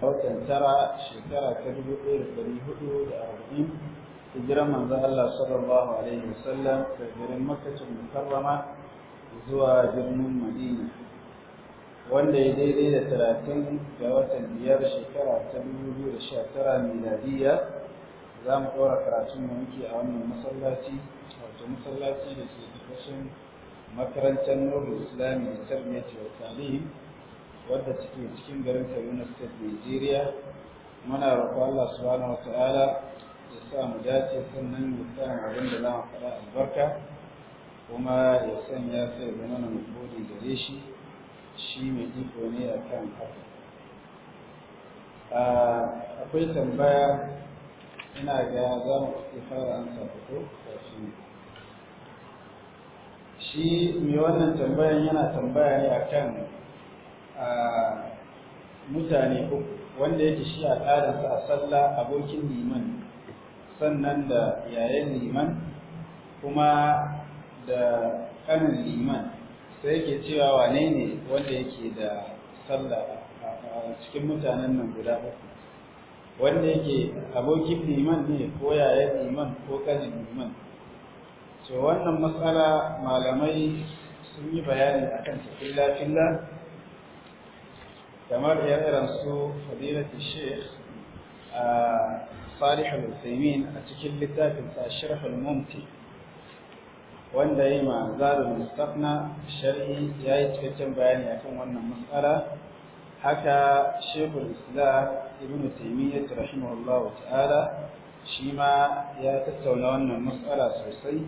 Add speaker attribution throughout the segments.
Speaker 1: A watan tara shekara ta dubu ɗaya da ɗari hudu da arba'in hijiran manzo Allah sallallahu alaihi wasallam da garin Makka mukarrama zuwa birnin Madina wanda ya daidai da talatin ga watan biyar shekara ta dubu biyu da sha tara miladiyya za mu ɗora karatun da muke a wannan masallaci wato masallaci da ke ƙarƙashin makarantar nurul islami da tarbiyyar wa wadda suke cikin garin Kaduna State Nigeria
Speaker 2: muna roƙo Allah
Speaker 1: subhanahu wataala ya sa mu dace sannan ya sa abin da za mu faɗa albarka kuma ya sanya sai zama na mu gode gare shi shi mai iko ne a kan haka ah, akwai tambaya ina ga za mu fara an ko kafin shi mai wannan tambayan yana tambaya ne kan? mutane uku wanda yake shi a ƙarinsa a sallah abokin liman sannan da yayan liman kuma da kanin liman sai yake cewa wane ne wanda yake da sallah a cikin mutanen nan guda uku wanda yake abokin liman ne ko yayan liman ko kanin liman to wannan matsala malamai sun yi bayani akan ta filla lafi kamar ire su fadilatu sheikh salih al-usaimin a cikin littafin sa al-mumti wanda ya yi ma zarul mustaqna shar'i ya yi cikakken bayani akan wannan matsala haka shekul islam ibn taymiyyah rahimahullahu ta'ala shi ma ya tattauna wannan matsala sosai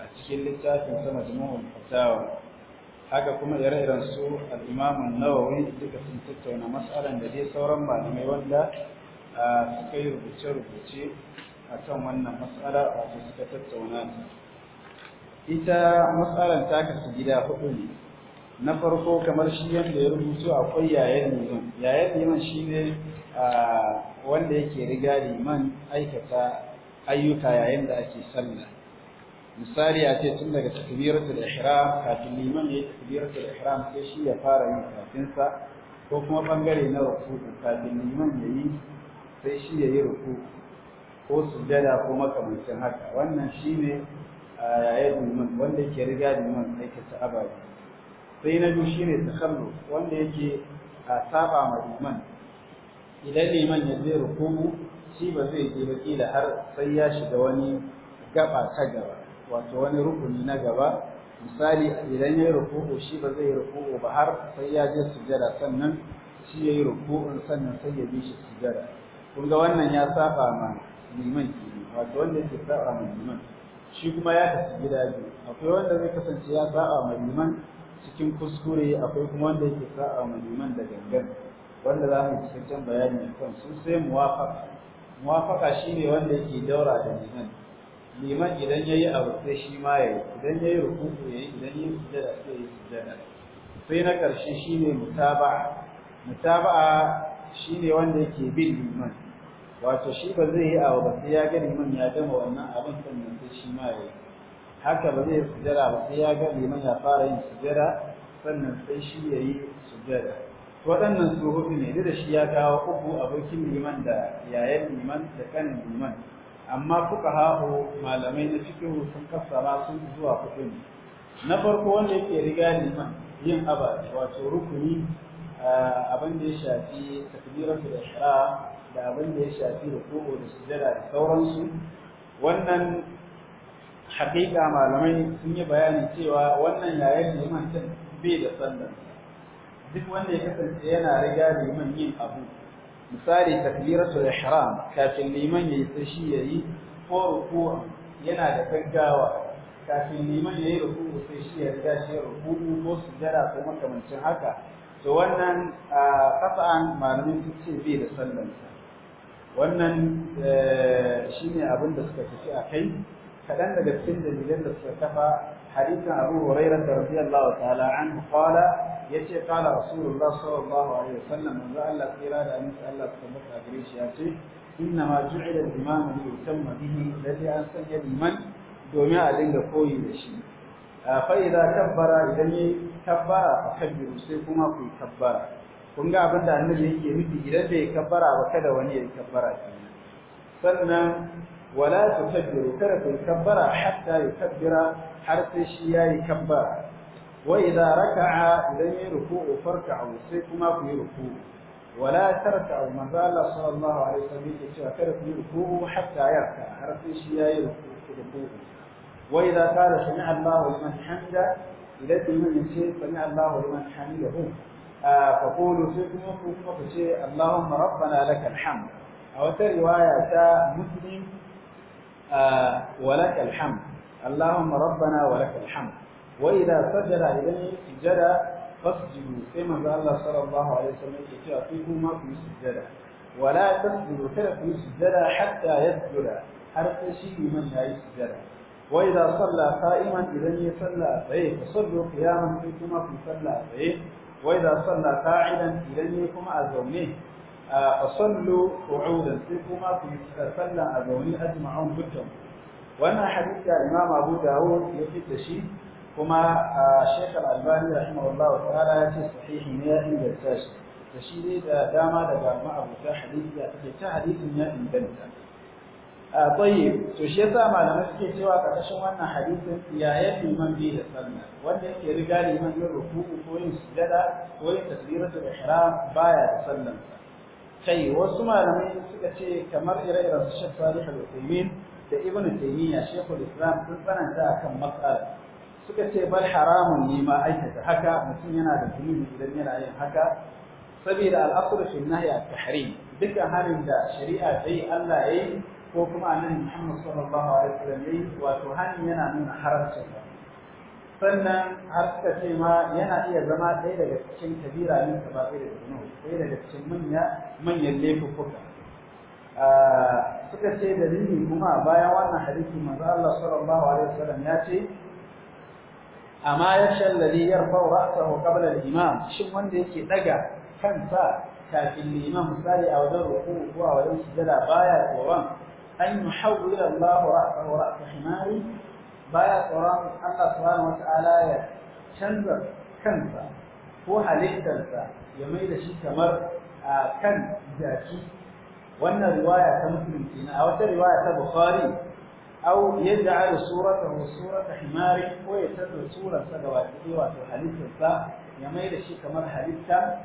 Speaker 1: a cikin littafin sa majmu'ul fatawa haka kuma ire-iren su al'imamun nawawi duka sun tattauna matsalan da dai sauran malamai wanda suka yi rubuce-rubuce a kan wannan matsala wato suka tattauna ita matsalan ta kasu gida hudu ne na farko kamar shi yadda ya rubutu akwai yayan nizon yayan liman shi ne wanda yake riga liman aikata ayyuka yayin da ake sallah misali a ce tun daga takbiratul ihram kafin liman ya yi takbiratul ihram sai shi ya fara yin kafin sa ko kuma bangare na rukuku kafin liman ya yi sai shi ya yi rukuku ko sujada ko makamancin haka wannan shine a yayin liman wanda ke riga liman aikata ababe sai na biyu shine takallu wanda yake a saba ma liman idan liman ya je rukuku shi ba zai je ba kila har sai ya shiga wani gaba ta gaba wato wani rukuni na gaba misali idan ya yi ruku'u shi ba zai yi ruku'u ba har sai ya je sujada sannan shi ya yi ruku'un sannan sai ya bi shi sujada kun ga wannan ya saba ma liman kenan wato wanda yake saba ma liman shi kuma ya kasu gida biyu akwai wanda zai kasance ya saba ma liman cikin kuskure akwai kuma wanda yake saba ma liman da gangan wanda za mu cikakken bayani kan su sai muwafaka muwafaka ne wanda yake daura da liman liman idan yayi abu sai shi ma yayi idan yayi rukuku yayi idan yayi
Speaker 2: sujada sai yayi sujada
Speaker 1: sai na karshe shine mutaba'a mutaba'a shine wanda yake bin liman wato shi ba zai yi abu ba sai ya ga liman ya gama wannan abin sannan sai shi ma yayi haka ba zai sujada ba sai ya ga liman ya fara yin sujada sannan sai shi yayi sujada waɗannan su hudu ne da shi ya kawo uku abokin liman da yayan liman da kanin liman amma fuqaha'u malamai na cikin sun kassara sun zuwa kudin, na farko wanda yake riga liman yin aba wato rukuni abin da ya shafi da shara, da abin da ya shafi da ruku'u da sujada da sauransu wannan haƙiƙa malamai sun yi bayani cewa wannan yayin liman can bai da sallar duk wanda ya kasance yana riga liman yin abu misali takbiratul ihram kafin liman yayi tashi yayi ko ruku'u yana da gaggawa kafin liman yayi ruku'u sai shi ya riga shi ruku'u ko sujada ko makamancin haka to wannan qat'an malamin sun ce bai da sallan wannan e, shine abin da suka tafi akai kadan daga cikin dalilan da suka kafa hadisin Abu Hurairah radiyallahu ta'ala anhu qala Ya yace qala rasulullah sallallahu alaihi wasallam manzo Allah kira da annabi Allah ka gare shi yace inna ma ju'ila al-imam li yutamma bihi ladhi an liman domin a dinga koyi da shi fa idza kabbara idan yi kabbara fa kabbiru sai kuma ku kabbara kun ga abin da annabi yake nufi idan bai kabbara ba kada wani ya kabbara sannan wala tukabbiru kada ku kabbara hatta yukabbira har sai shi yayi kabbara wa idza raka'a idan ya ruku'u farka'u sai kuma ku yi ruku'u wala tarka'u manzo Allah sallallahu alaihi wasallam yake cewa kada ku yi ruku'u hatta yarka har sai shi yayi ruku'u wa idza qala sami'a Allahu liman hamida idan liman yace sami'a Allahu liman hamidahu fa qulu sai kuma ku kuma ku ce a wata riwaya ta muslim ولك الحمد اللهم ربنا ولك الحمد وإذا سجل إليه سجدا فاسجدوا كما قال الله صلى الله عليه وسلم يقول فيكما في سجدا ولا تسجدوا في سجدا حتى يسجد حتى شيء من لا سجدا وإذا صلى قائما إذن يصلى فيه فصلوا قياما فيكما في صلى فيه وإذا صلى قاعدا إذن يكما أزوميه فصلوا آه، قعودا فيكما في صلى أزوميه أجمعون بكم وأنا حديث الإمام أبو داود يفيد شيء kuma a Al-Albani rahimahullahu ta'ala ya ce sahihi ne ya inganta shi da shi ne da dama daga ma'abuta hadisi take ta hadisin ya inganta a tsaye to shi yasa malamai suke cewa karkashin wannan hadisin ya ya liman bi da sallah wanda yake riga liman yin ruku'u ko yin sujada ko yin tasbiratul ihram baya da sallan kai wasu malamai suka ce kamar ire-iren su Salih Al-Uthaymeen da Ibn Taymiyyah shekhul Islam sun tsananta akan matsalar suka ce bar haramun ne ma aikata haka mutum yana da zunubi idan yana yin haka saboda al'asr fi nahy at-tahrim dukkan harin da shari'a ta yi Allah yayi ko kuma annabi Muhammad sallallahu alaihi wasallam yayi wato hanin yana nuna haramcin sannan har suka ce ma yana iya zama ɗaya daga cikin kabira min kaba'ir zunubi ɗaya daga cikin manya manyan laifuka suka ce dalili kuma bayan wannan hadisi manzo Allah sallallahu alaihi wasallam ya ce amma yakhsha alladhi yarfa'u ra'sahu qabla al-imam shin wanda yake daga kansa kafin liman misali a wajen ruku ko a wajen sujada baya tsoron an yuhawwila Allahu ra'sahu ra'sa himari baya tsoron Allah subhanahu wata'ala ya canza kansa ko halittarsa ya mai da shi kamar a kan jaki wannan riwaya ta musulunci na a wata riwaya ta bukhari au ya ja'ala suratan surata himar ko ya tada surar sa gaba ki wato halittar ya mai da shi kamar halitta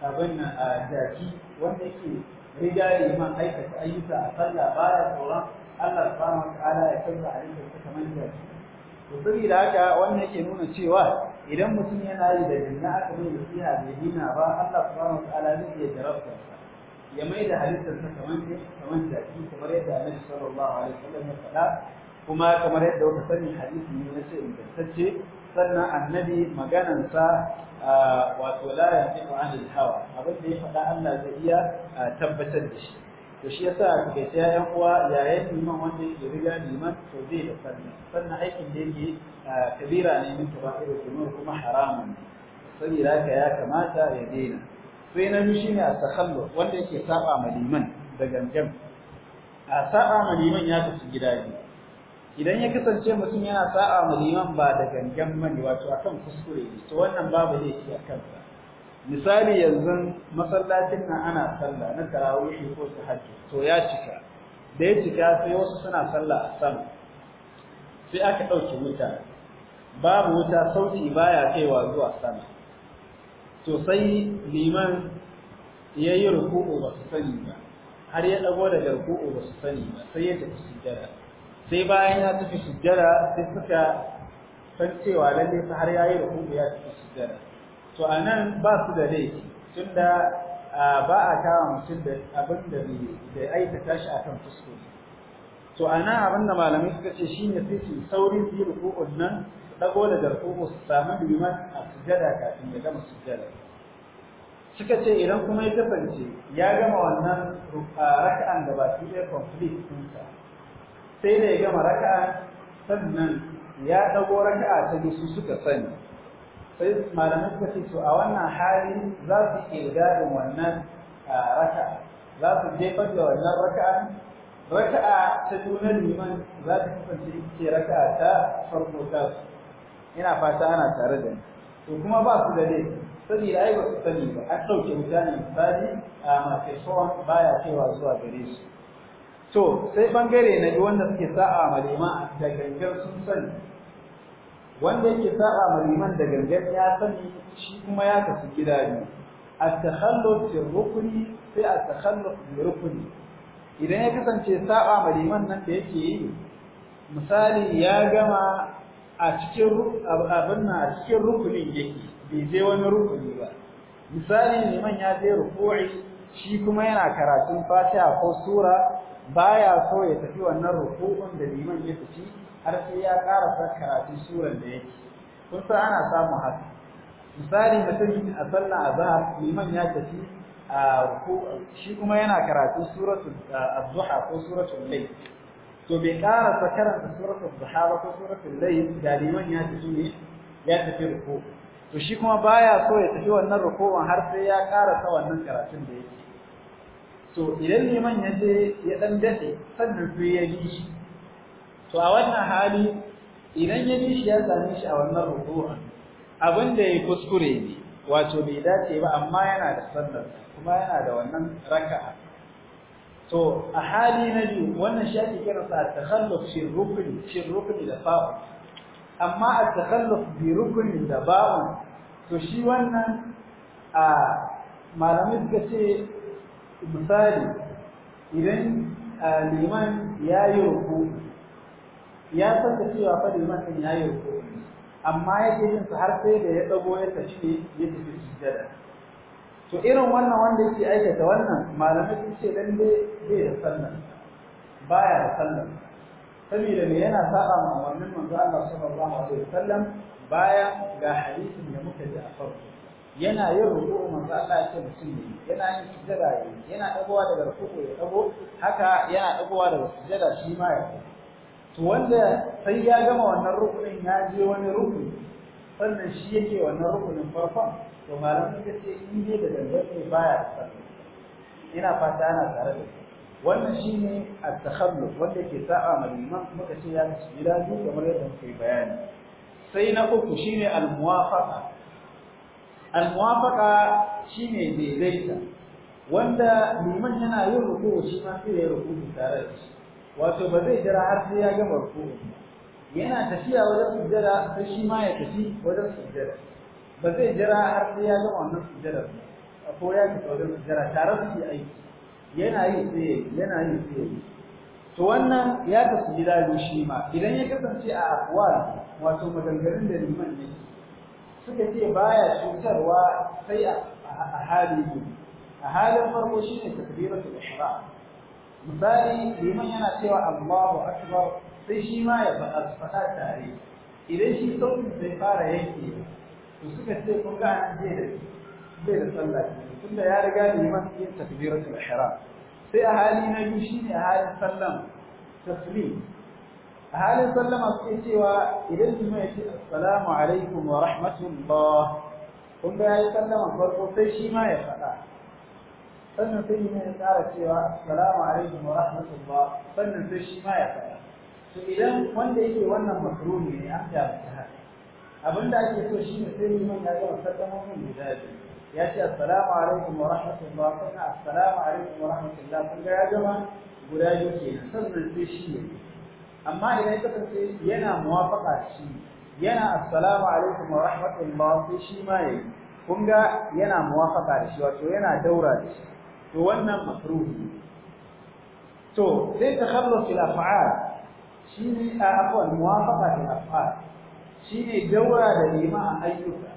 Speaker 1: abin nan a jaki wanda ke riga ya man aikata ayyuka a sallah baya tsoron Allah subhanahu wa ya tada halittar sa kamar jaki to saboda haka wannan yake nuna cewa idan mutum yana yi da jinna aka mai da fiya da jinna ba Allah subhanahu wa ta'ala zai iya jarabta ya mai da halittarsa kamar kamar jaki kamar yadda annabi sallallahu alaihi wasallam ya faɗa kuma kamar yadda wata sani hadisi ne na ce ingantacce sannan annabi maganansa wato la yantiqu anil hawa abin da ya faɗa Allah zai iya tabbatar da shi to shi yasa kuka ce ƴan uwa yayin liman wanda yake riga liman to zai da sanni sannan aikin da yake kabira ne min kaba'ir kuma haramun saboda haka ya kamata ya daina sai na biyu shine at-takhallu wanda yake saba ma liman da gangan a sa'a ma liman ya tafi gida biyu idan ya kasance mutum yana sa'a ma liman ba da gangan mani, wato akan kuskure ne to wannan babu ke a kansa misali yanzu masallacin nan ana sallah na tarawih ko tahajjud to ya cika da ya cika sai wasu suna sallah a sama sai aka ɗauki wuta babu wuta sauti baya kaiwa zuwa sama to sai liman ya yi ruku'u ba su sani ba har ya ɗago daga ruku'u ba su sani ba sai ya tafi sujjada sai bayan ya tafi sujjada sai suka san cewa lalle fa har ya yi ruku'u ya tafi sujjada to a nan ba su da laifi tunda ba a kawo mutum da abin da bai aikata shi a kan fuskuri to a nan abin da malamai suka ce shine sai su sauri su yi ruku'un nan ɗago da ruku'u su samu liman a sujada kafin ya gama sujada suka ce idan kuma ya kasance ya gama wannan raka'an da ba su ɗaya complete ɗinsa sai da ya gama raka'a sannan ya ɗago raka'a ta su suka sani sai malamai suka ce to a wannan hali za su ƙirga wannan raka'a za su jefar da wannan raka'a raka'a ta juna liman za su kasance ita ce raka'a ta farko ta su ina fata ana tare da ni to kuma ba su da dai saboda ai ba su sani ba an ɗauke wuta ne misali a ya baya cewa zuwa gare su to sai bangare na biyu wanda suke sa'a malima da gangan sun sani wanda yake sa'a maliman da gangan ya sani shi kuma ya kasu gida biyu a takhalluf fi rukni sai a takhalluf bi rukni idan ya kasance sa'a maliman nan da yake yi misali ya gama a cikin abin na a cikin rukunin yake bai je wani rukuni ba misali liman ya je rukuni shi kuma yana karatun fatiha ko sura baya so ya tafi wannan rukunin, da liman ya tafi har sai ya karasa karatun suran da yake kun san ana samun haka misali mutum a sallar azhar liman ya tafi a shi kuma yana karatun suratul azzuha ko suratul layl to bai karasa karanta suratul sahaba ko suratul layl da liman ya tafi ne ya tafi ruku to shi kuma baya so ya tafi wannan rukuwan har sai ya karasa wannan karatun da yake to idan liman ya je ya dan dade sannan sai ya yi to a wannan hali idan ya yi shi ya same shi a wannan rukuwan abin da ya kuskure ne wato bai dace ba amma yana da sallar kuma yana da wannan raka'a to a hali na biyu wannan shi ake kira sa takhalluf shi rukuni rukuni da fa'u amma a takhalluf bi rukuni da ba'u to shi wannan a malamai suka ce misali idan liman ya yi ruku ya san da cewa fa liman din ya yi ruku amma yake yin har sai da ya dago ya tashi ya tafi sujjada to irin wannan wanda yake aikata wannan malamai sun ce dan dai bai da sallah baya da sallah saboda ne yana saba ma wannan manzo Allah sallallahu alaihi wasallam baya ga hadisin da muka ji a farko yana yin ruku'u manzo Allah ya ce mutum ne yana yin sujjada yana dagowa daga ruku'u ya dago haka yana dagowa daga sujjada shi ma ya
Speaker 2: to wanda sai
Speaker 1: ya gama wannan rukunin ya je wani rukuni sannan shi yake wannan rukunin farkon to malamai suka ce in dai da dangantai baya da ina fata ana tare da su wannan shine at-takhalluf wanda ke sa'a malima muka ce ya ci gida biyu kamar yadda muka yi bayani sai na uku shi ne muwafaqa al shi shine daidaita wanda liman yana yin ruku'u shi ma sai ya ruku'u tare da shi wato ba zai jira har sai ya gama ruku'u yana tafiya wajen sujjada sai shi ma ya tafi wajen sujjada ba zai jira har sai ya gama wannan sujjada ko ya tafi wajen sujjada tare su yi aiki yana yi sai yana yi sai to wannan ya tafi gida ne shi ma idan ya kasance a akwal wato maganganun da liman ne suka ce baya cutarwa sai a hali biyu a halin farko shine takbiratul ihram misali liman yana cewa Allahu akbar sai shi ma ya faɗa faɗa tare idan shi sautin sai fara yanke to suka ce kun ga an je da bai da sallah tunda ya riga liman yin takbiratul ihram sai a hali na biyu shine a halin sallam taslim a halin sallama suke cewa idan liman ya ce assalamu alaikum wa rahmatullah kun ga yayi sallama farko sai shi ma ya faɗa sannan sai liman ya tsara cewa assalamu alaikum wa rahmatullah sannan sai shi ma ya faɗa to idan wanda yake wannan makaroni ne an da abin da ake so ne sai liman ya gama sallamomin guda biyu ya ce assalamu alaikum wa rahmatullah kuma assalamu alaikum wa rahmatullah kun ga ya gama guda biyu na, sannan sai shi ne amma idan ya kasance yana muwafaka shi yana assalamu alaikum wa rahmatullah sai shi ma yayi kun ga yana muwafaka da shi wato yana daura da shi to wannan makruhi to sai takhallus ila fa'al shi ne a afwan muwafaqa da af'al shi ne daura da nema a ayyuka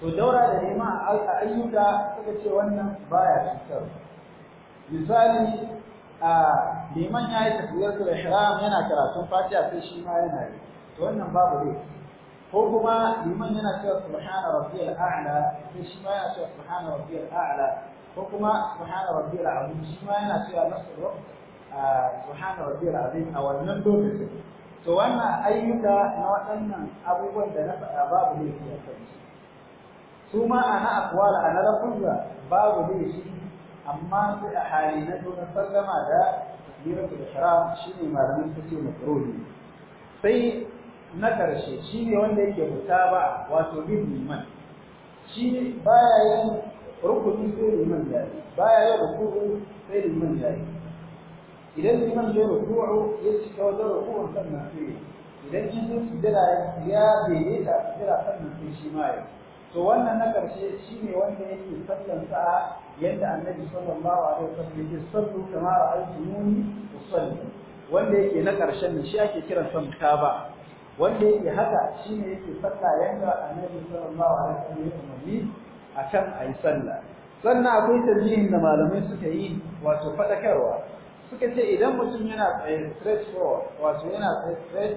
Speaker 1: to daura da nema a ayyuka suka ce wannan baya cutar misali a liman ya yi tafiyarsu da ihram yana karatun fatiha sai shi ma yana yi to wannan babu ne ko kuma liman yana cewa subhana rabbiyal a'la sai shi ma yana cewa subhana rabbiyal a'la ko kuma subhana rabbiyal a'la shi ma yana cewa nasr rabbiyal subhana rabbiyal
Speaker 2: azim a wannan lokacin
Speaker 1: to wannan ayyuka na waɗannan abubuwan da na faɗa babu ne su akan su ma ana akwala a ana lafuzza babu ne shi amma su a hali na na sallama da takbiratul ihram shine malamin su ce makruhi sai na ƙarshe shine wanda yake mutaba wato bin liman shi baya yin rukuni sai liman yayi baya yin ruku'u sai liman yayi idan liman ya ruku'u ya cika wajen ruku'un sannan sai idan ya zo sujjada ya daidaita sujjada sannan sai shi ma ya to wannan na karshe shine wanda yake sallan sa yadda annabi sallallahu alaihi wasallam yake sallu kama ra'aytumuni usalli wanda yake na karshen ne shi ake kiran sa mutaba wanda yake haka shine yake salla yadda annabi sallallahu alaihi wasallam yake umarni akan ayi sallah sannan akwai tarjihin da malamai suka yi wato faɗakarwa. suka ce idan mutum yana tsaye stretch for wasu yana tsaye stretch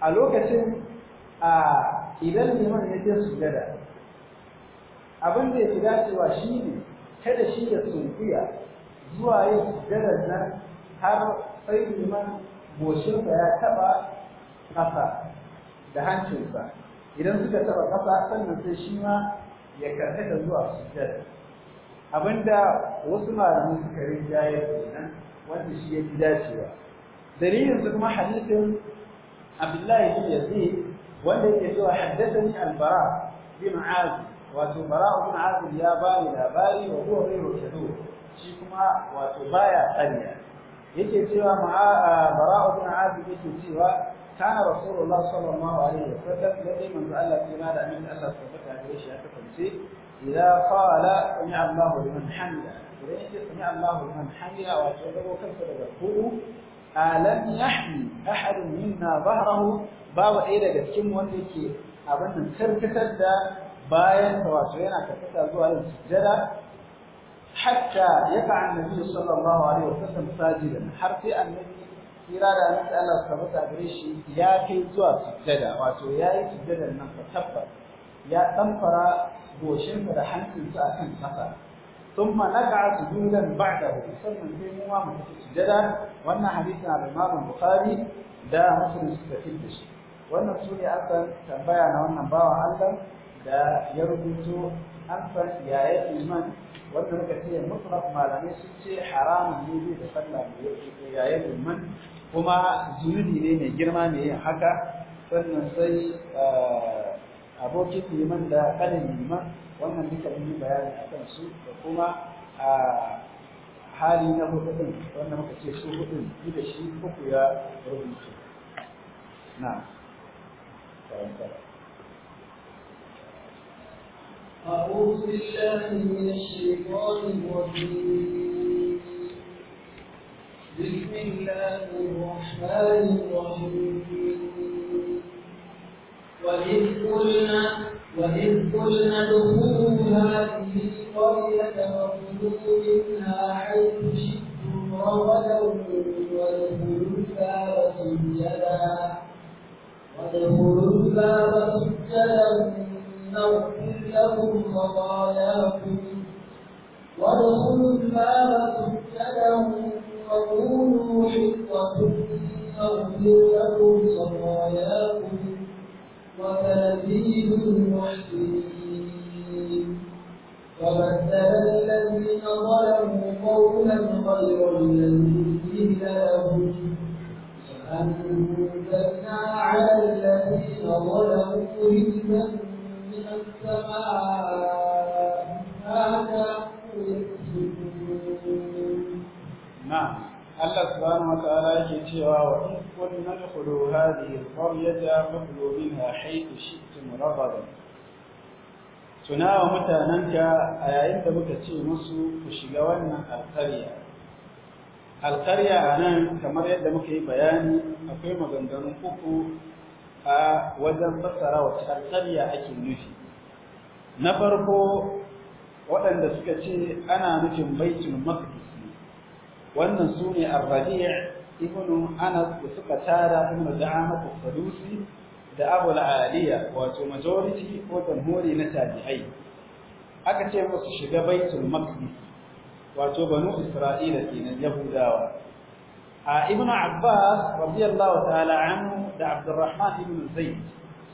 Speaker 1: a lokacin a idan liman ya je sujada abin da ya fi dacewa shi ne kada shi ya sunkuya zuwa yin sujadar nan har sai liman goshinsa ya taba kasa da hancinsa idan suka taba kasa sannan sai shi ma ya da zuwa sujjada abinda wasu malamai suka rinjaye kenan wanda shi ya fi dacewa dalilin su kuma hadisin abdullahi bin yazid wanda yake cewa haddathani al-bara bin azib wato bara bin azib ya bani labari wa huwa ghayru kadhub shi kuma wato baya tsariya yake cewa bara bin azib yake cewa kana rasulullah sallallahu alaihi wasallam da dai manzo Allah kima da annabi Allah subhanahu wa ta'ala ya kasance إذا قال سمع الله لمن حمده إذا سمع الله لمن حمده وأشهده كيف تقول ألم يحمي أحد منا ظهره باب إيه لك كم وندك أبن كركتر دا باين فواتوينا كركتر زوال السجدة حتى يقع النبي صلى الله عليه وسلم ساجدا حتى النبي kira da annabi Allah suka masa gare shi ya kai zuwa sujjada wato ya yi sujjadar nan ka tabbas ya ɗanfara goshinsa da hancinsa a kan ƙasa ثم ba سجودا بعده sannan sai mu ma mu sujada wannan hadisin al-Imam Bukhari da Muslim suka da shi wannan sune akan tambaya na wannan bawa Allah da ya rubuto an san yaya iman wanda muka ce mutlaq malamai sun ce haramun ne bai da sallah ne yaya iman kuma zunubi ne mai girma yin haka sannan sai eh, abokin liman da kanin liman wannan duka yi bayani a kan su da kuma a hali na din wanda muka ce su hudu yi da shi uku ya rubuta na
Speaker 2: أعوذ بالله من الشيطان الرجيم بسم الله الرحمن الرحيم وإذ قلنا وإذ قلنا ادخلوا هذه القرية فكلوا منها حيث شئتم رغدا وادخلوا الباب سجدا وادخلوا الباب سجدا نغفر لكم خطاياكم وادخلوا الباب سجدا وقولوا حطة نغفر لكم خطاياكم وتنزيل المحسنين وبدل الذين ظلموا قولا غير الذي قيل لهم فأنزلنا على الذين ظلموا رجزا من السماء ما كانوا
Speaker 1: يكسبون نعم الله سبحانه وتعالى يكتب ادخلوا هذه القرية فكلوا منها حيث شئتم رغدا tunawa mutanenka a yayin da muka ce musu ku shiga wannan alƙarya alƙarya a nan kamar yadda muka yi bayani akwai maganganun uku a wajen fassara wacce alƙarya ake nufi na farko waɗanda suka ce ana nufin baitul maqdis wannan sune ar-radi' ibn Anas da suka tara ibn Da'amah al-Sadusi da Abu aliya wato majority ko jamhuri na tabi'ai aka ce musu shiga baitul maqdis wato banu Isra'ila kenan Yahudawa a ibn Abbas radiyallahu ta'ala anhu da Abdurrahman ibn Zaid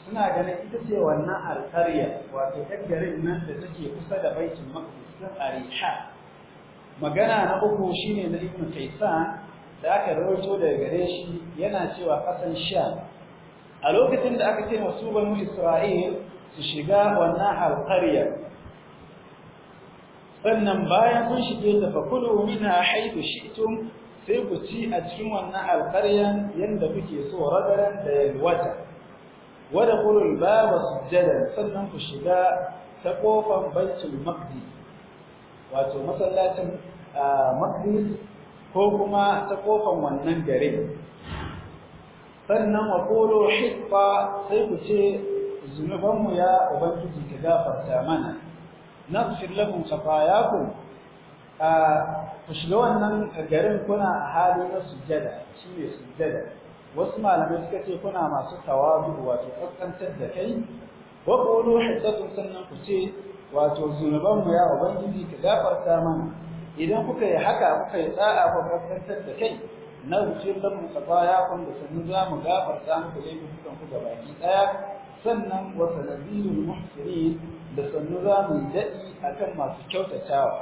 Speaker 1: suna ganin ita ce wannan alƙarya wato ɗan garin nan da take kusa da baitul maqdis din Ariha magana na uku shine na ibn Kaysan da aka rawaito daga gare shi yana cewa kasan sha a lokacin da aka ce masu banu isra'il su shiga wannan alƙarya sannan bayan kun shige ta fa kulu mina shi shi'tum sai ku ci a cikin wannan alƙaryan yanda kuke so radaran da yalwata wada qulul baba sujjadan sannan ku shiga ta kofar baitul maqdis wato masallacin ah, maqdis ko kuma ta kofan wannan gare sannan wa kolo hiqqa sai ku ce zunubanmu ya ubangiji ka gafarta mana Na nafsir lahum ku, a shiga wannan garin kuna a hali na sujjada ne sujjada wasu malamai suka ce kuna masu tawazu wato kaskantar da kai wa qulu hiqqatun sannan ku ce wato zunubanmu ya ubangiji ka gafarta mana idan kuka yi haka kuka yi tsa'a ko kaskantar da kai na wucin lamun kafaya kun da sanu za mu gafarta muku laifin kuka ku gabaki daya sannan wa sanadiyul muhsinin da sannu za mu dadi akan masu kyautatawa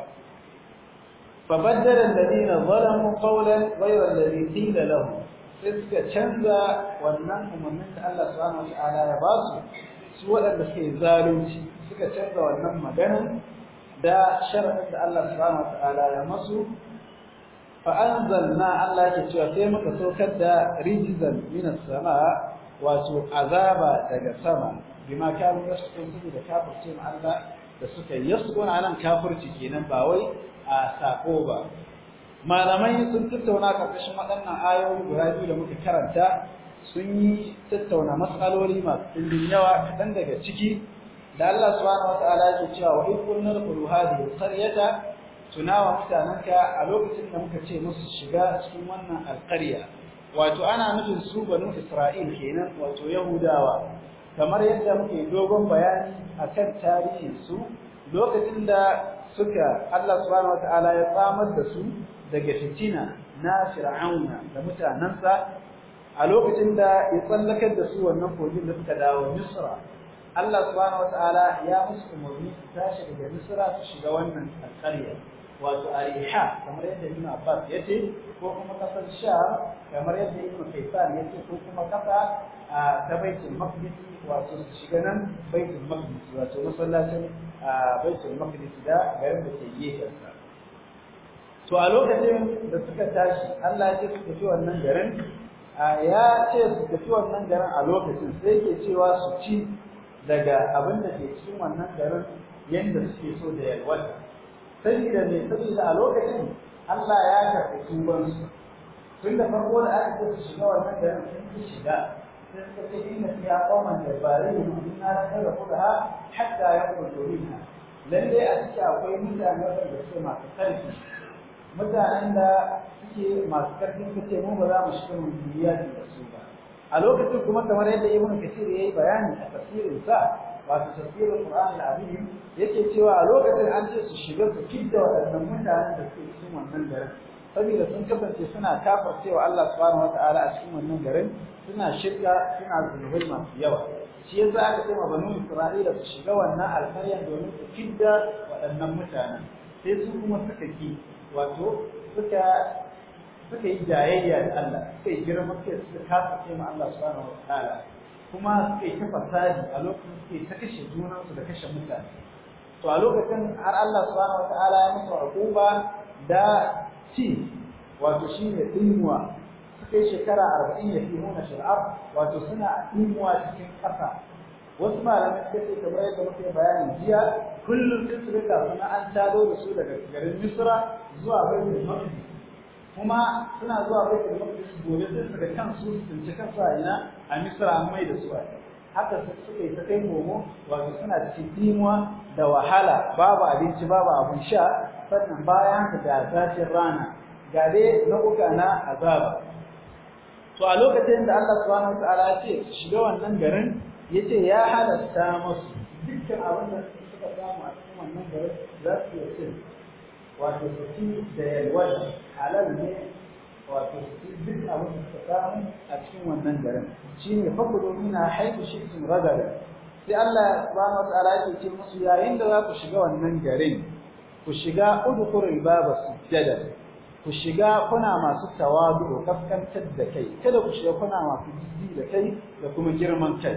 Speaker 2: fa baddala alladhina zalamu qawlan ghayra alladhi qila lahum
Speaker 1: sai suka canza wannan umarnin da Allah subhanahu wa ta'ala ya ba su su waɗanda suke zalunci suka canza wannan maganan da shar'in da Allah subhanahu wataala ya masu fa anzalna Allah yake cewa sai muka saukar da rijzan minas sama wato azaba daga sama bima kanu yasqun kafirci ma Allah da suka yasqun anan kafirci kenan ba wai a sako ba malamai sun tattauna karkashin waɗannan ayoyi guda biyu da muka karanta sun yi tattauna matsaloli masu ɗimbin yawa kaɗan daga ciki da Allah subhanahu wataala yake cewa wa ikunnar hadhihi qaryata tunawa mutananka a lokacin da muka ce musu shiga cikin wannan alqarya wato ana nufin su banu Isra'il kenan wato Yahudawa kamar yadda muke dogon bayani akan tarihin su lokacin da suka Allah subhanahu wataala ya tsamar da su daga fitina na Fir'auna da mutanansa a lokacin da ya tsallakar da su wannan kogin da suka dawo Misra Allah subhanahu wataala ya musu umarni su tashi daga Misra su shiga wannan alƙarya wato Ariha kamar yadda Ibn Abbas ya ce ko kuma kasar sha kamar yadda Ibn Kaysan ya ce ko kuma kasa ta Baitul Maqdis wato su shiga nan Baitul Maqdis wato masallacin Baitul Maqdis da garin da ke gefen sa to a lokacin da suka tashi Allah ya ce su tafi wannan garin ya ce su tafi wannan garin a lokacin sai ke cewa su ci daga abin da ke cikin wannan garin yadda suke so da yalwata saboda ne saboda a lokacin Allah ya karɓi tubansu tun da farko da aka ce su shiga wannan garin sun ki shiga sai suka ce inna fiya qauman jabbarin min arsalna kullaha hatta yakhruju minha Lallai a ciki akwai mutane wanda suke masu karfi mutanen da suke masu karfi suka ce mu ba za mu shiga mu biya da su a lokacin kuma kamar yadda ibn kasir yayi bayani a tafsirin sa wato tafsirin qur'an al-azim yake cewa a lokacin an ce su shiga su kidda waɗannan mutanen da suke cikin wannan garin saboda sun kasance suna kafircewa Allah subhanahu wataala a cikin wannan garin suna shirka suna zunubai masu yawa shi yasa aka ce ma banu isra'ila su shiga wannan alƙaryar domin su kidda waɗannan mutanen sai su kuma suka ki wato suka suka yi jayayya da Allah suka yi girma suka suka kasa ce ma Allah subhanahu wa ta'ala kuma suka yi ta fasadi a lokacin suke ta kashe junansu da kashe mutane to a lokacin har Allah subhanahu wa ta'ala ya musu hukuma da ci wato shine dinwa suka yi shekara arba'in ya fi hona shar'ar wato suna dinwa cikin ƙasa wasu malamai suka ce kamar yadda muka yi bayanin jiya kullum sun suka rika suna an tado da su daga garin Misra zuwa Baitul Maqdis kuma suna zuwa da maqdis gobe sai su ga kansu su tsinci kansu a ina a misra a mai da su haka suka yi ta kai momo wato suna cikin da wahala babu abinci babu abun sha sannan bayan ka da zafin rana ga dai uka na azaba to a lokacin da Allah subhanahu wataala ya ce shiga wannan garin yace ya halatta musu dukkan abin da suka samu a cikin wannan garin za su yi wato su da halal ne wato su ci duk abin da suka a cikin wannan garin shine fakulu minha haythu shi'tum ragada sai Allah subhanahu wa ta'ala yake ce musu yayin da za ku shiga wannan garin ku shiga udkhulul baba sujjada ku shiga kuna masu tawadu kafkantar da kai kada ku shiga kuna masu jiji da kai da kuma girman kai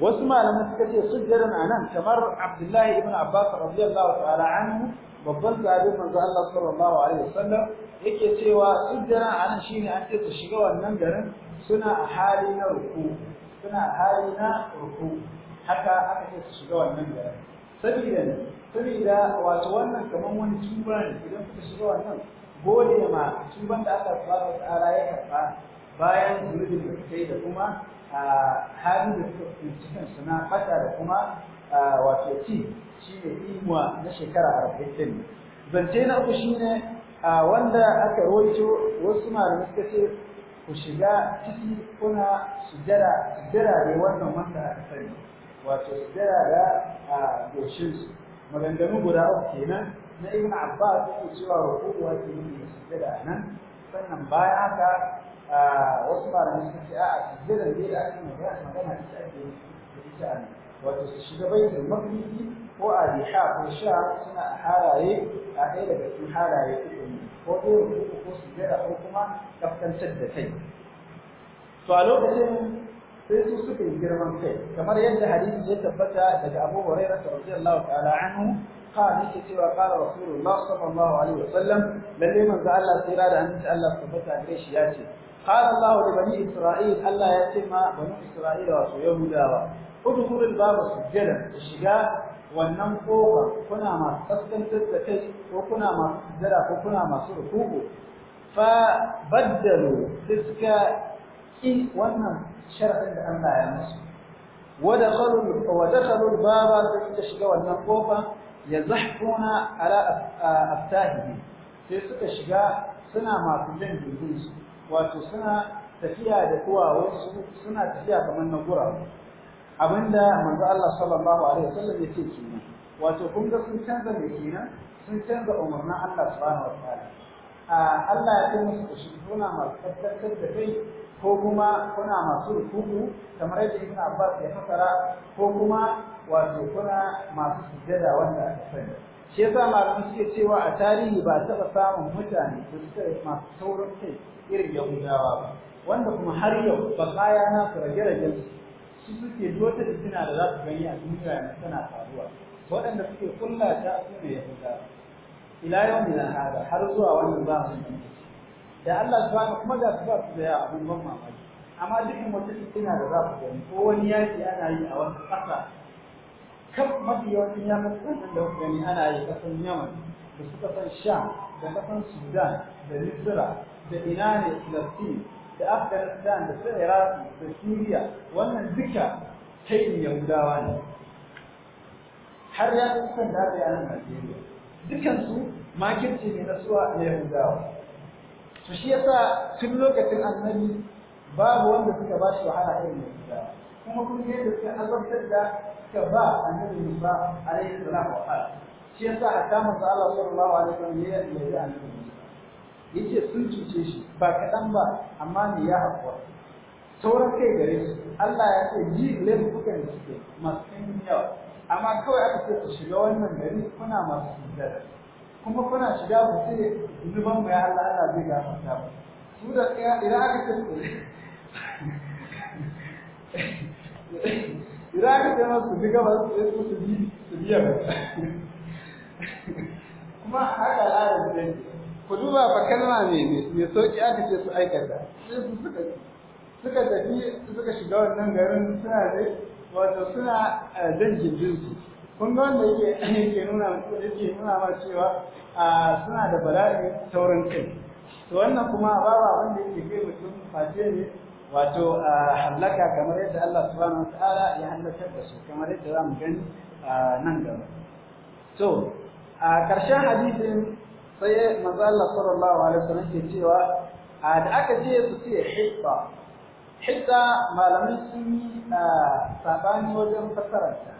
Speaker 1: wasu malaman suka ce sujjadan anan kamar Abdullahi ibn Abbas radiyallahu ta'ala anhu babban sahabi manzo Allah sallallahu alaihi wasallam yake cewa sujjadan anan shine an ce su shiga wannan garin suna a hali na ruku suna a hali na ruku haka aka ce su shiga wannan garin Sabida ne saboda wato wannan kamar wani tuba ne idan kuka shiga wannan gode ma tuban da aka subhanahu wa ta'ala ya karba bayan zurudin da suka da kuma halin da suka fi kansu na fata da kuma a wato ci shi ne imuwa na shekara arba'in zance na uku shi ne wanda aka rawaito wasu malamai suka ce ku shiga ciki kuna sujara sujjada ne wannan wanda aka sani wato sujara da a goshinsu maganganu guda uku kenan na ibn abbas yake cewa wa ke yin sujjada nan sannan bayan haka wasu malamai sun ce a zirin dai da ake magana magana da ake ita ne wato su shiga baitul maqdisi ko a riha ko sha suna haraye a ɗaya daga cikin haraye uku ne ko ɗaya uku ko su ko kuma kaftantar da kai
Speaker 2: to a lokacin sai su suka yi girman kai kamar yadda
Speaker 1: hadisi ya tabbata daga Abu Hurairah radiyallahu ta'ala anhu قال يكي سوى قال رسول الله صلى الله عليه وسلم للي من زعل الله سيرا أن الله سبحانه وتعالى قال الله لبني إسرائيل ألا يتم ya إسرائيل وسيوه داوة ادخل الباب السجلة الشجاء wannan kofa kuna masu tsaskantar da kai ko kuna masu sujjada ko kuna masu rukuku fa baddalu fiska ki wannan sharadin da Allah ya musu wada kalu wada kalu shiga wannan kofa ya zahkuna ala aftahihi sai suka shiga suna masu jin jinsu wato suna tafiya da duwawansu suna tafiya kamar na gura? abinda manzo Allah sallallahu alaihi wasallam yake kenan wato kun ga sun canza mai kenan sun canza umarna Allah subhanahu ta'ala a Allah ya kuma su shi kuna masu tabbatar da kai ko kuma kuna masu rukuku kamar yadda Ibn Abbas ya fasara ko kuma wato kuna masu sujjada wanda aka sani shi yasa malamai suke cewa a tarihi ba taɓa samun mutane da suka masu saurin kai irin yahudawa wanda kuma har yau bakaya na furage-ragen su suke dota da suna da za su gani a duniya yanzu tana faruwa waɗanda suke kulla ta suna ya yahudawa ila yau na hada har zuwa wannan zamanin da Allah subhanahu kuma da su ba su da abin ban mamaki amma dukkan wata suna da za su gani ko wani yaki ana yi a wata ƙasa kaf mafi yawancin yamukan da gani ana yi ƙasan Yaman da
Speaker 2: su ƙasan Sham
Speaker 1: da ƙasan Sudan da Misra da ina ne Filistin da Afghanistan da su da Syria wannan duka tayin Yahudawa ne har ya san da bayanan Najeriya dukan su makirci ne na suwa na Yahudawa to shi yasa tun lokacin annabi babu wanda suka ba shi wahala irin Yahudawa kuma kun ga yadda suka azabtar da suka ba annabi Musa alaihi salam wahala shi yasa hatta manzo Allah sallallahu alaihi wasallam ya yi annabi yace sun cuce shi ba kaɗan ba amma ne ya Ta sauran kai gare su Allah ya ce ji laifukan da suke masu ɗan yawa amma kawai aka ce ku shiga wannan gari kuna masu sujjada kuma kuna shiga ku ce zuban mai ya Allah Allah zai gafarta
Speaker 2: mu su da idan aka ce su idan aka ce masu bi gaba su su su biya ba kuma haka al'adar da
Speaker 1: yake ku duba ba kalma ne mai sauki aka ce su aikata
Speaker 2: sai suka tafi suka shiga wannan garin suna da wato suna eh, jan
Speaker 1: jirginsu kun ga wanda yake yake nuna yake nuna ma cewa ah, suna da bala'i taurin kai to wannan kuma babu abin da yake kai mutum face ne wato ah, hallaka kamar yadda Allah subhanahu wataala ya hallakar da su kamar yadda za mu gani ah, nan gaba to a ƙarshen hadisin sai manzo Allah sallallahu alaihi wasallam ke cewa da aka ce su ce hissa malamai sun yi sabani wajen fassararta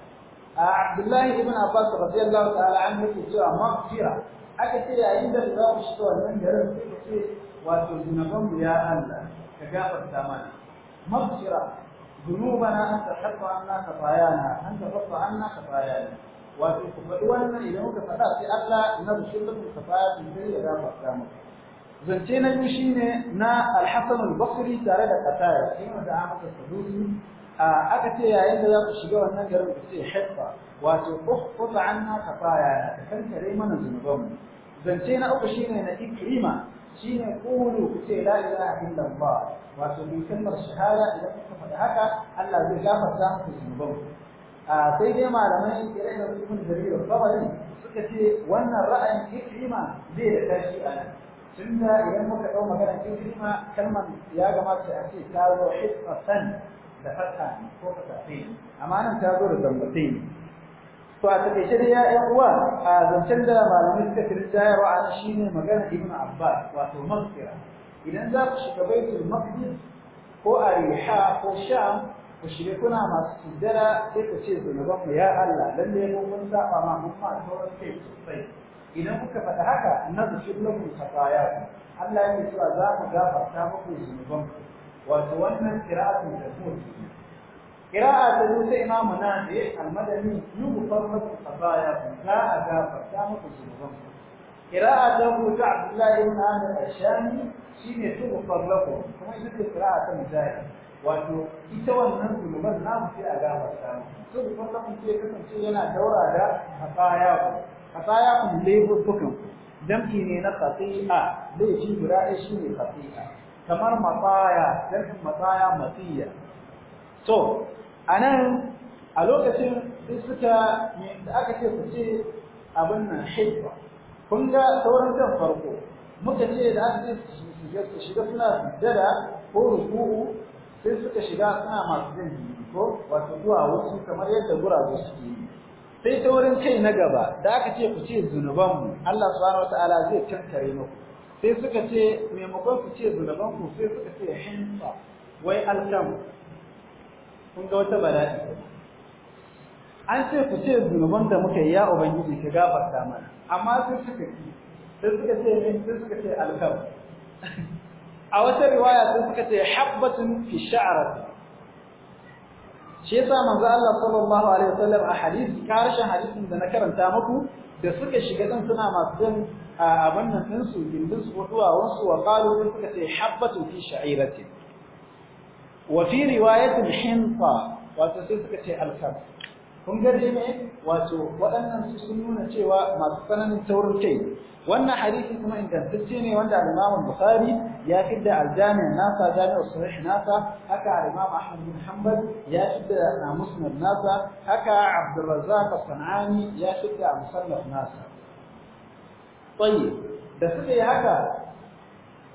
Speaker 1: Abdullahi ibn Abbas radiyallahu ta'ala anhu ke cewa maghfira aka ce yayin da za ku shiga wannan garin sai ce wato zunubanmu ya Allah ka gafarta mana maghfira ذنوبنا أنت حفظ عنا خطايانا أنت حفظ عنا
Speaker 2: خطايانا wato ku
Speaker 1: faɗi wannan idan kuka faɗa sai Allah na rushin da kuka faɗa sai ya gafarta muku zance na biyu shine na al-Hasan al-Basri tare da Qatada in da aka sadusi aka ce yayin da za ku shiga wannan garin ku ce hibba wato ukhfuta anna kafaya ka kankare mana zunubanmu zance na uku shine na Ikrima shine qulu ku ce la ilaha illallah wato bi kalmar shahada idan kuka faɗa haka Allah zai gafarta muku zunubanku A sai dai malamai irin da su kun jarir al-tabari suka ce wannan ra'ayin ikrima bai da tashi a nan tunda idan muka dau magana ikrima kalmar ya gamata a ce ta zo hisqatan da ne ko fatahi amma nan ta zo da ne. to a takaice dai ya ƴan uwa a zancen da malamai suka kirjayarwa a nan shine magana ibnu abbas wato masira idan za ku shiga baitul maqdis ko a riha ko sham ku shige kuna masu sujjada sai ku ce zunuban mu ya Allah lalle mu mun saba ma mun ma sauran kai sosai idan kuka faɗa haka na zuci lakum khataya Allah yake cewa za ku gafarta muku zunuban ku wato wannan qira'atul tafsir qira'a ta Musa Imam Nafi al-Madani yughfar lakum khataya za a gafarta muku zunuban ku qira'a ta Abu Abdullah ibn Amir al-Shami shine tughfar lakum kuma ita ce qira'a ta Mujahid wato ita wannan zunuban na mu ce a gafarta so da kuma kun ce kasance yana daura da hasaya ku hasaya ku laifukan damki ne na khati'a laifi guda ɗaya shi ne khati'a kamar mataya dan mataya matiya to anan a lokacin sai suka da aka ce su ce abin nan haifa kun ga sauran kan farko muka ce da aka ce su shiga suna da ko ruku'u sai suka shiga suna masu jin jiki ko wato zuwa wasu kamar yadda gurabe suke yi sai ta wurin kai na gaba da aka ce ku ce zunubanmu Allah subhanahu wataala zai tantare muku sai suka ce maimakon ku ce zunubanku sai suka ce hinsa wai alkam kun ga wata bala'i an ce ku ce zunuban da muka yi ya ubangiji ka gafarta mana amma sai suka ki sai suka ce sai suka ce alkam a wata riwaya sun suka ce habbatun fi sha'rat shi yasa manzo Allah sallallahu alaihi wasallam a hadisi karshen hadisin da na karanta muku da suka shiga din suna masu din abin nan din su gindin su duwa wasu wa qalu suka ce habbatun fi sha'iratin wa fi riwayatin hinfa wato sai suka ce al-khamr kun ga dai ne wato waɗannan su sun nuna cewa masu tsananin taurin kai wannan hadisi kuma ingantacce ne wanda al-Imam Bukhari ya fidda al-Jami' nasa Jami'u Sahih nasa haka al-Imam Ahmad bin Hanbal ya fidda Musnad nasa haka Abdul Razzaq As-Sanani ya fidda Musannaf nasa tayyib da suka yi haka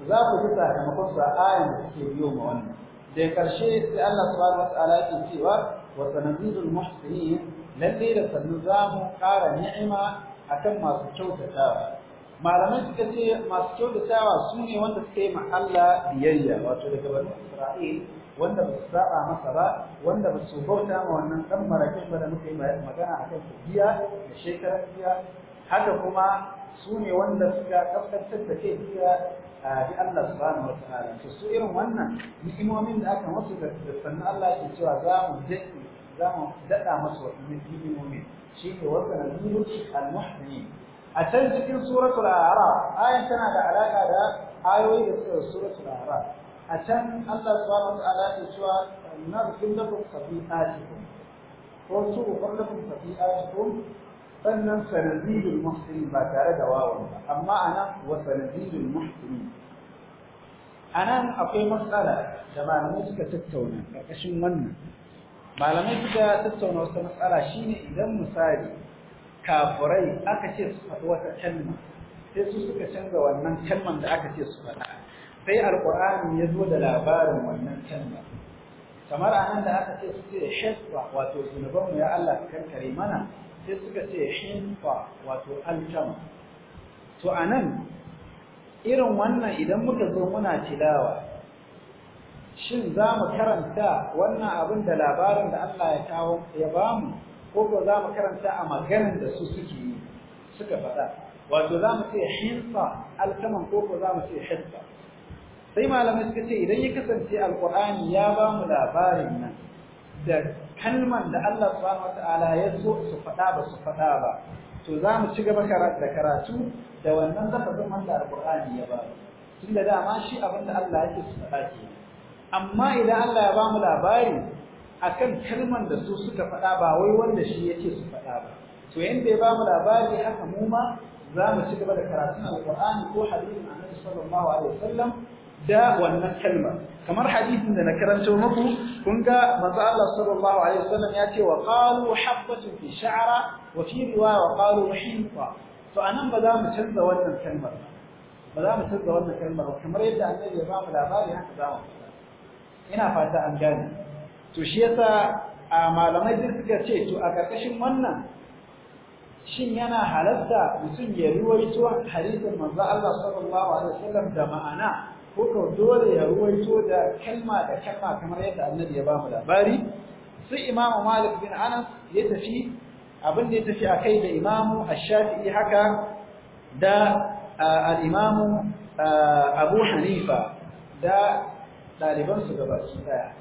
Speaker 1: za ku ji sakamakon sa ayan da suke biyo ma wannan da karshe sai Allah subhanahu wa ta'ala yake cewa wa sanazidul muhsinin lalle da sannu za mu ƙara ni'ima akan masu kyautatawa malamai suka ce masu kyautatawa su ne wanda suka yi ma Allah biyayya wato daga bani Isra'il wanda ba su saba masa ba wanda ba su bauta ma wannan dan marakin ba da muka yi magana akan su biya da shekarar biya haka kuma su ne wanda suka kaskantar da kai biya bi Allah subhanahu wataala to su irin wannan ni'imomin da aka masu da sannan Allah ke cewa za mu daɗe za mu daɗa masa waɗannan ni'imomin shi ne waɗannan mulki al-muhsini a can cikin suratul a'raf ayan tana da alaƙa da ayoyi da suke suratul a'raf a can Allah subhanahu wa su ya cewa narkin lakum sabi'atikum ko su ubur lakum sabi'atikum sannan sanadidul muhsinin ba tare da wawan ba amma a anan wa sanadidul A nan akwai matsala da malamai suka tattauna ƙarƙashin wannan malamai suka tattauna wata matsala shine idan misali kafurai aka ce su faɗi wata kalma sai su suka canza wannan kalman da aka ce su faɗa sai Alƙur'ani ya zo da labarin wannan kalma kamar anan da aka ce su ce shafa wato Zunuban mu ya Allah ka kankare mana sai suka ce hinfa wato alkama to anan irin wannan idan muka zo muna tilawa shin za mu karanta wannan abin da labarin da Allah ya kawo ya ba mu ko ko za mu karanta a maganar da su suke yi suka faɗa wato za mu ce hirsa alkaman ko ko za mu ce hirfa? sai malamai suka ce idan ya kasance alkur'ani ya ba mu labarin nan da kalman da Allah subhanahu wataala ya so su faɗa ba su faɗa ba to za mu ci gaba da karatu da wannan zafafin wanda alkur'ani ya ba tunda dama shi abin da Allah yake su faɗa kenan amma idan Allah ya ba mu labari akan kalman da su suka faɗa ba wai wanda shi yake su faɗa ba to yanda ya ba mu labari haka mu ma za mu ci gaba da karatun alqur'ani ko hadisin annabi sallallahu alaihi wasallam da wannan kalma kamar hadisin da na karanta muku kun ga manzo Allah sallallahu alaihi wasallam ya ce wa qalu habbatu fi sha'ra wa fi riwaya wa qalu hinqa to anan ba za mu canza wannan kalmar ba za mu canza wannan kalmar kamar yadda annabi ya ba mu labari haka za mu ina fata an gane to shi yasa a malamai duk suka ce to a ƙarƙashin wannan shin yana halatta mutum ya ruwaito hadisin manzo Allah sallallahu alaihi wasallam da ma'ana ko ko dole ya ruwaito da kalma da kalma kamar yadda annabi ya ba mu labari sai imamu Malik bin Anas ya tafi abin da ya tafi akai da imamu Ash-Shafi'i haka da al-imamu Abu Hanifa da ɗaliban su gabaki ɗaya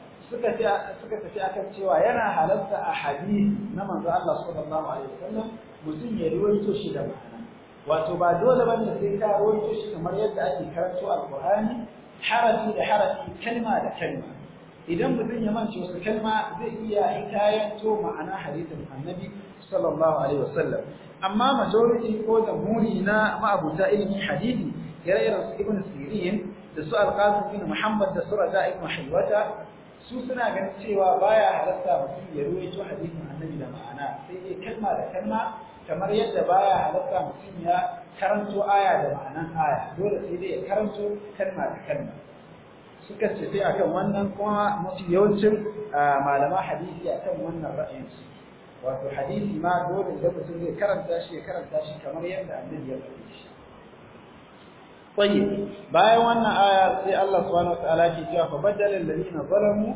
Speaker 1: suka tafi akan cewa yana halarta a hadisi na manzo Allah sallallahu alaihi wasallam mutum ya riwayo shi da ma'ana wato ba dole bane sai ka riwayo shi kamar yadda ake karanto alqur'ani harafi da harafi kalma da kalma idan mutum ya mance wasu kalma zai iya hikayanto ma'ana hadisin annabi sallallahu alaihi wasallam amma majority ko da muri na ma'abuta ilimin hadisi ire-iren su ibn sirin da su alqasim bin muhammad da su raja ibn halwata su suna ganin cewa baya halatta mutum ya ruwaito hadisin annabi da ma'ana sai dai kalma da kalma kamar yadda baya halatta mutum ya karanto aya da ma'anan aya dole sai dai ya karanto kalma da kalma suka ce sai akan wannan kuma mafi yawancin malama hadisi akan wannan ra'ayinsu. wato hadisi ma dole da mutum zai karanta shi ya karanta shi kamar yadda annabi ya faɗi shi طيب باي وانا آية سي الله سبحانه وتعالى كي فبدل الذين ظلموا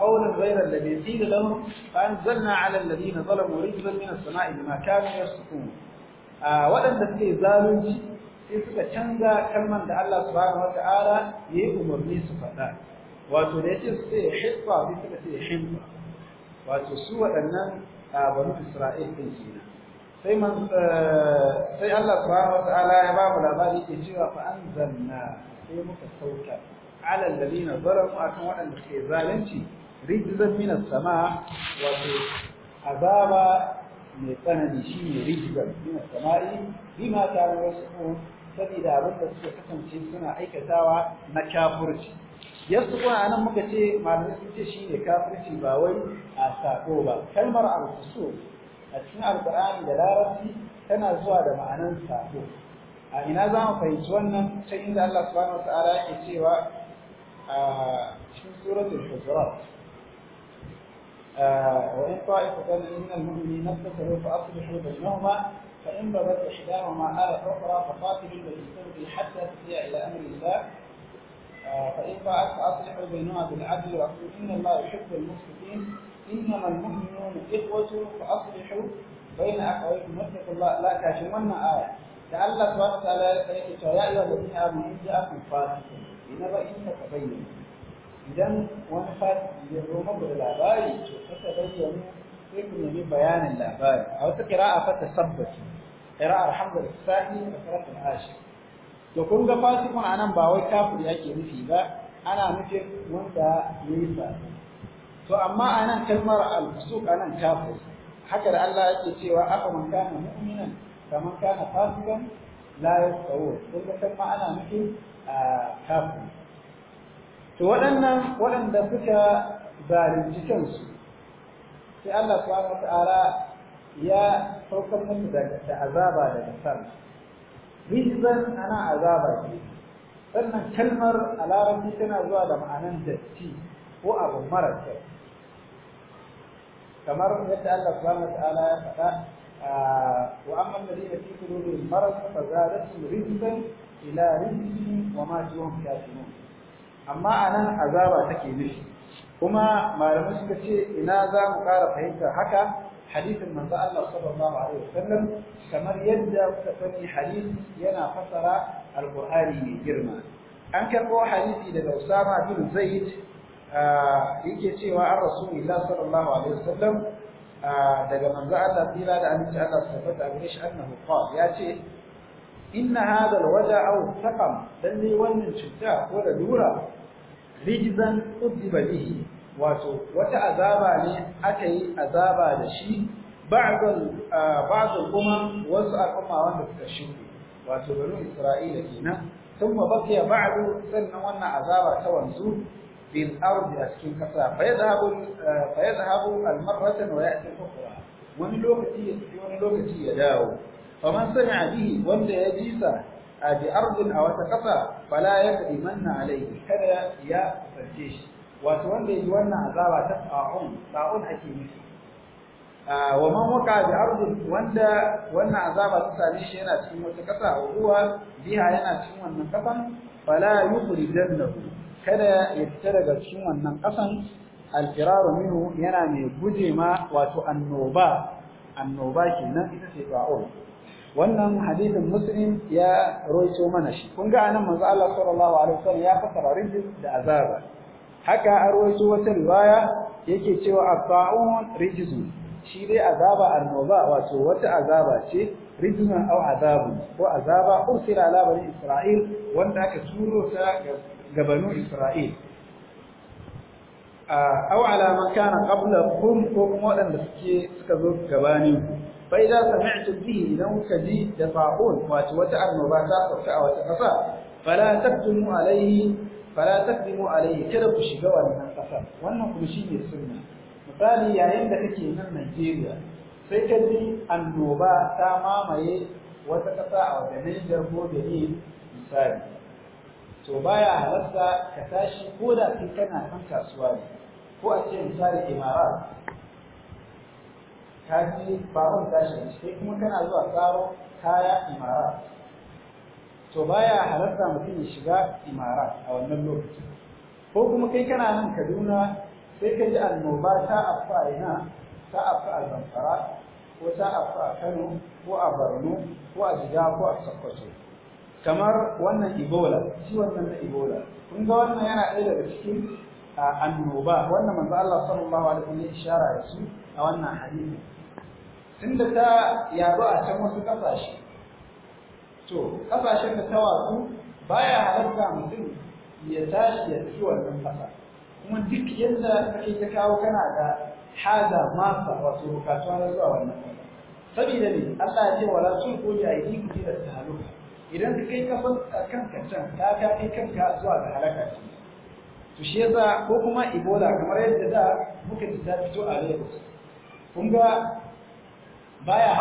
Speaker 1: قولا غير الذي قيل لهم فأنزلنا على الذين ظلموا رجزا من السماء بما كانوا يفسقون waɗanda suke zalunci sai suka canza kalmar da Allah subhanahu wata'ala ya yi umarni su faɗa wato da yake su sai hibba sai suka ce hibba wato su waɗannan banu Isra'il din kenan sai man eh, sai Allah subhanahu wataala ya ba mu labari ke cewa fa anzalna sai muka sauka ala alladhina zalamu akan waɗanda suke zalunci rijzan minas sama wato azaba mai tsanani shine rijzan minas sama'i bima kanu yasqun sabida abin da suka kasance suna aikatawa na kafirci yasu kuma anan muka ce malamai sun ce shine kafirci ba wai a sako ba kalmar al-fusuq a cikin alqur'ani da larabci tana zuwa da ma'anan sako a ina za mu fahimci wannan ta inda Allah subhanahu wataala yake cewa a cikin suratul hujurat وإن طائفتان من المؤمنين اقتتلوا فأصلحوا بينهما فإن بغت إحداهما على الأخرى فقاتلوا التي تبغي حتى تفيء إلى أمر الله آه، فإن فعلت فأصلح بينها بالعدل وأقول إن الله يحب المصلحين إنما المؤمنون إخوة فأصلحوا بين أخويكم واتقوا الله لا تهجمن آية لعل على وتعالى يا أيها الذين آمنوا إن جاءكم فاسق بنبأ فتبينوا idan wani fasiki ya zo muku da labari to fata bayyana sai قراءة nemi bayanin labari a wata kira'a fata to kun ga fasikun anan ba wai kafiri yake nufi ba ana nufin wanda yayi sabo to amma anan kalmar al-fusuq anan kafir haka da Allah yake cewa aka man kana mu'minan kaman kana fasikan la yasawu kun ga kalma ana nufin kafir
Speaker 2: to waɗannan waɗanda
Speaker 1: suka zalunci kansu sai Allah subhanahu wa ta'ala ya saukar musu da azaba daga sama hizban ana azaba ce sannan kalmar a larabci tana zuwa da ma'anan datti ko abu mara kyau kamar yadda Allah subhanahu wataala ya faɗa wa amma alladhina fi qulubihim marad fa zadatuhum rizqan ila rizqihim wa ma kafirun amma anan azaba take nufi kuma malamai suka ce ina za mu ƙara fahimtar haka hadisin manzo Allah sallallahu alaihi wasallam kamar yadda kuka sani hadisi yana fasara alqur'ani mai girma an karbo hadisi daga Usama bin Zaid yake cewa an Rasulullah sallallahu alaihi wasallam daga manzo Allah tsira da annabi Allah sallallahu alaihi wasallam annahu qala yace inna hadha alwada aw saqam dan ne wannan cuta ko da dura rijzan udiba bihi wato wata azaba ne aka yi azaba da shi ba'dul ba'dul umam wasu al'umma wanda suka shuɗe wato banu isra'ila kenan thumma baqiya ba'du sannan wannan azaba ta wanzu bil ardi a cikin kasa fa yadhhabu fa yadhhabu al marratan wa ya'ti ukhra wani lokaci ya tafi wani lokaci ya dawo faman sami'a bihi wanda ya jisa a bi ardin a wata kasa fala yakdimanna alayhi kada ya kusance shi wato wanda yi wannan azaba ta ta'un ta'un ake nufi wa man waka bi wanda wannan azaba ta same shi yana cikin wata kasa ruwa biha yana cikin wannan kasan fala yukhrijannahu kada ya fita daga cikin wannan kasan al minhu yana mai guje ma wato annoba annoba kenan ita ce ta'un wannan hadisin muslim ya roito mana shi kun ga anan manzo Allah sallallahu alaihi wasallam ya fassara rijis da azaba haka a rawaito wata riwaya yake cewa Afaun rijzun shi dai azaba annoba wato wata azaba ce rijzun aw azabun ko azaba ursila ala bani isra'il wanda aka turo ta ga banu isra'il aw ala man kana qablakum ko kuma waɗanda suke suka zo gabanin fa idza sami'tu bihi idan kuka ji da fa'un wato wata annoba ta sauka a wata kasa fala taktumu alaihi fala a laye kada ku shiga wannan ƙasar, wannan kuma ne suna misali yayin da kake nan Najeriya sai ka ji annoba ta mamaye wata ƙasa a wajen Niger ko Benin misali to baya halarta ka tashi ko da kai kana kan kasuwa ne ko a ce misali imara ka ji wani tashi sai kuma kana zuwa tsaro kaya imara to baya halarta mutum ya shiga imara a wannan lokaci ko kuma kai kana nan Kaduna sai ka ji annoba ta afka a ina ta afka a Zamfara ko ta afka a Kano ko a Borno ko a Jigawa ko a Sokoto kamar wannan Ebola ciwon nan na Ebola kun ga wannan yana ɗaya daga cikin annoba wannan manzo Allah sallallahu alaihi wasallam ya ishara da su a wannan hadisi tunda ta yaro a can wasu kasashe to kasashen da tawatsu baya halarta mutum ya tashi ya tafi wannan kasa kuma duk yadda kake ta kawo kana da hada masa wasu bukatuwa na zuwa wannan kasa saboda ne Allah ya ce wala ya yi ku da tahaluka idan ka kai kafan kanka can ka ka kai kanka zuwa ga halaka ce to shi yasa ko kuma Ebola
Speaker 2: kamar yadda da muka ji ta fito a Lagos kun ga baya